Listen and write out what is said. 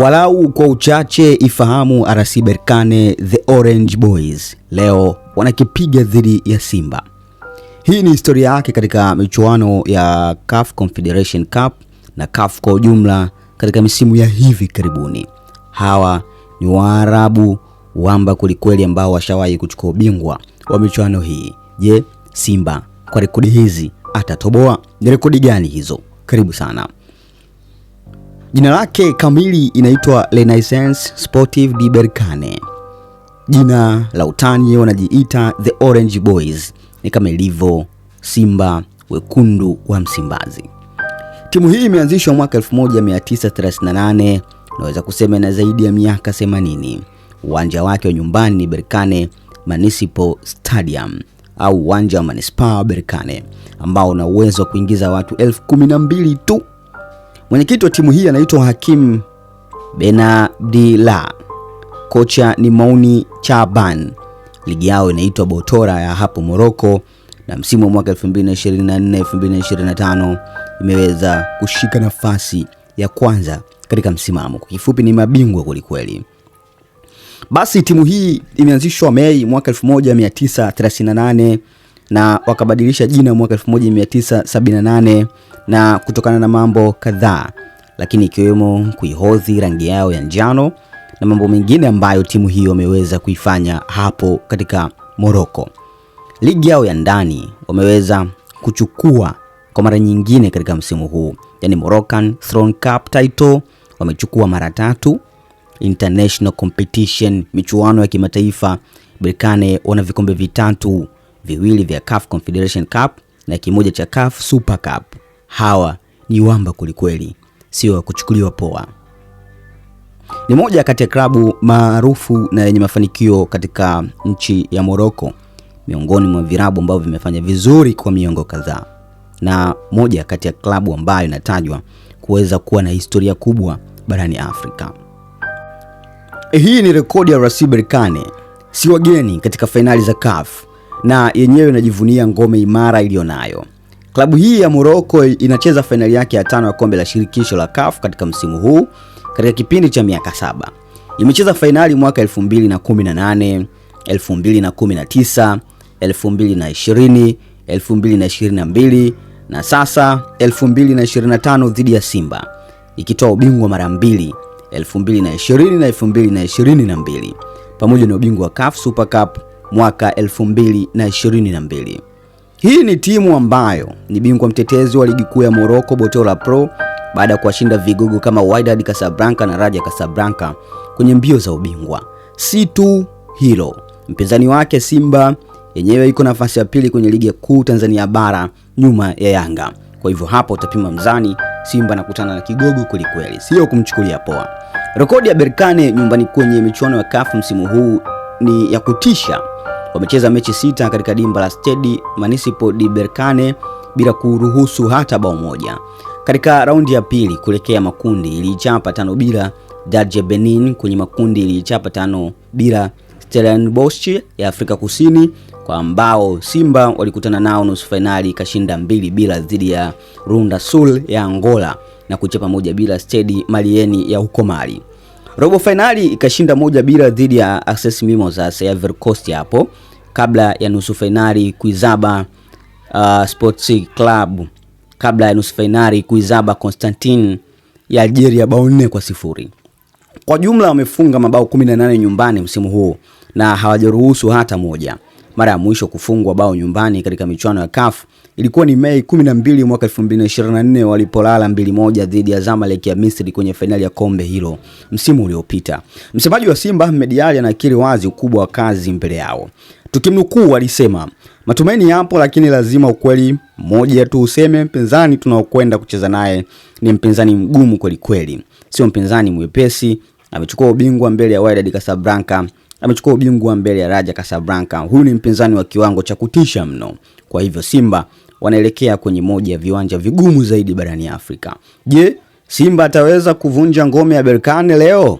Walau kwa uchache ifahamu RS Berkane the Orange Boys leo wanakipiga dhidi ya Simba. Hii ni historia yake katika michuano ya CAF Confederation Cup na CAF kwa ujumla katika misimu ya hivi karibuni. Hawa ni Waarabu wamba kwelikweli ambao washawahi kuchukua ubingwa wa michuano hii. Je, Simba kwa rekodi hizi atatoboa? Ni rekodi gani hizo? Karibu sana. Jina lake kamili inaitwa Renaissance Sportive di Berkane, jina la utani wanajiita The Orange Boys, ni kama ilivyo Simba Wekundu wa Msimbazi. Timu hii imeanzishwa mwaka 1938 naweza kusema na zaidi ya miaka 80. Uwanja wake wa nyumbani ni Berkane Municipal Stadium au uwanja wa manispaa Berkane ambao una uwezo wa kuingiza watu elfu kumi na mbili tu. Mwenyekiti wa timu hii anaitwa Hakim Benabdila, kocha ni Mauni Chaban. Ligi yao inaitwa Botora ya hapo Morocco, na msimu wa mwaka 2024 2025 imeweza kushika nafasi ya kwanza katika msimamo. Kwa kifupi ni mabingwa kwelikweli. Basi timu hii imeanzishwa Mei mwaka 1938 na wakabadilisha jina mwaka 1978 na kutokana na mambo kadhaa, lakini ikiwemo kuihodhi rangi yao ya njano na mambo mengine ambayo timu hiyo wameweza kuifanya hapo katika Morocco. Ligi yao ya ndani wameweza kuchukua kwa mara nyingine katika msimu huu, yani Moroccan Throne Cup title wamechukua mara tatu. International competition, michuano ya kimataifa, Berkane wana vikombe vitatu viwili vya CAF Confederation Cup na kimoja cha CAF Super Cup. Hawa ni wamba kwelikweli, sio wa kuchukuliwa poa. Ni moja kati ya klabu maarufu na yenye mafanikio katika nchi ya Morocco, miongoni mwa virabu ambavyo vimefanya vizuri kwa miongo kadhaa, na moja kati ya klabu ambayo inatajwa kuweza kuwa na historia kubwa barani Afrika. Hii ni rekodi ya RS Berkane, si wageni katika fainali za CAF na yenyewe inajivunia ngome imara iliyonayo. Klabu hii ya Morocco inacheza fainali yake ya tano ya kombe la shirikisho la CAF katika msimu huu katika kipindi cha miaka saba. Imecheza fainali mwaka 2018, 2019, 2020, 2022 na sasa 2025 dhidi ya Simba ikitoa ubingwa mara mbili 2020 na 2022 pamoja na ubingwa wa CAF Super Cup mwaka 2022. Hii ni timu ambayo ni bingwa mtetezi wa ligi kuu ya Morocco Botola Pro baada ya kuwashinda vigogo kama Wydad Casablanca na Raja Casablanca kwenye mbio za ubingwa. Si tu hilo, mpinzani wake Simba yenyewe iko nafasi ya pili kwenye ligi kuu Tanzania bara nyuma ya Yanga. Kwa hivyo hapo utapima mzani, Simba nakutana na kigogo kwelikweli, sio kumchukulia poa. Rekodi ya Berkane nyumbani kwenye michuano ya CAF msimu huu ni ya kutisha wamecheza mechi sita katika dimba la Stade Municipal di Berkane bila kuruhusu hata bao moja. Katika raundi ya pili kuelekea makundi iliichapa tano bila Dadje Benin, kwenye makundi iliichapa tano bila Stellenbosch ya Afrika Kusini, kwa ambao Simba walikutana nao nusu fainali ikashinda mbili bila dhidi ya Runda Sul ya Angola na kuchapa moja bila Stade Malieni ya huko Mali. Robo fainali ikashinda moja bila dhidi ya Access Mimosas ya Ivory Coast hapo kabla ya nusu fainali kuizaba uh, Sports Club kabla ya nusu fainali kuizaba Constantine ya Algeria bao nne kwa sifuri. Kwa jumla wamefunga mabao 18 nyumbani msimu huu na hawajaruhusu hata moja. Mara ya mwisho kufungwa bao nyumbani katika michuano ya CAF Ilikuwa ni Mei 12 mwaka 2024 walipolala mbili moja dhidi ya Zamalek ya Misri kwenye fainali ya kombe hilo msimu uliopita. Msemaji wa Simba Ahmed Ally anakiri wazi ukubwa wa kazi mbele yao. Tukimnukuu alisema, matumaini yapo, lakini lazima ukweli moja tu useme, mpinzani tunaokwenda kucheza naye ni mpinzani mgumu kweli kweli, sio mpinzani mwepesi. Amechukua ubingwa mbele ya Wydad Casablanca, amechukua ubingwa mbele ya Raja Casablanca. Huyu ni mpinzani wa kiwango cha kutisha mno. Kwa hivyo Simba wanaelekea kwenye moja ya viwanja vigumu zaidi barani Afrika. Je, Simba ataweza kuvunja ngome ya Berkane leo?